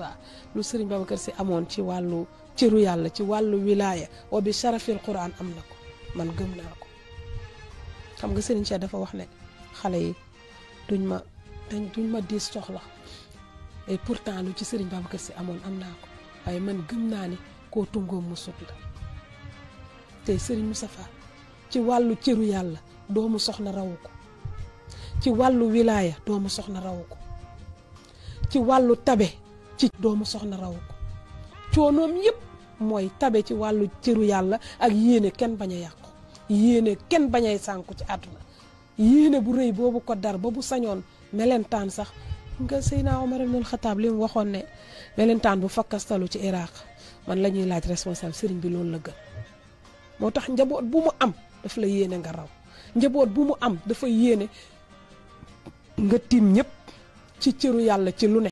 muxtaar lu sëriñ Babacar si amoon ci wàllu cëru yàlla ci wàllu wilaaya wa bi sharafil quran am na ko man gëm naa ko xam nga sëriñ Cheikh dafa wax ne xale yi tuñ ma dañ duñ ma diis soxla et pourtant lu ci sëriñ Babacar si amoon am naa ko waaye man gëm naa ni koo tungoom mu sut la te sëriñ Moustapha ci wàllu cëru yàlla doomu soxna rawu ko ci wàllu wilaaya doomu soxna rawu ko ci wàllu tabe ci doomu soxna raw ko coonoom yëpp mooy tabe ci wàllu cëru yàlla ak yéene kenn bañ a yàqu yéene kenn bañ ay sànku ci àdduna yéene bu rëy boobu ko dar ba bu sañoon melentaan sax nga Seydina Omar ibnul Xataab li mu waxoon ne melentaan bu fakkastalu ci Iraq man lañuy laaj responsable sëriñ bi loolu la gën moo tax njaboot bu mu am daf la yéene bu mu am dafa yéene nga tiim ñëpp ci cëru yàlla ci lu ne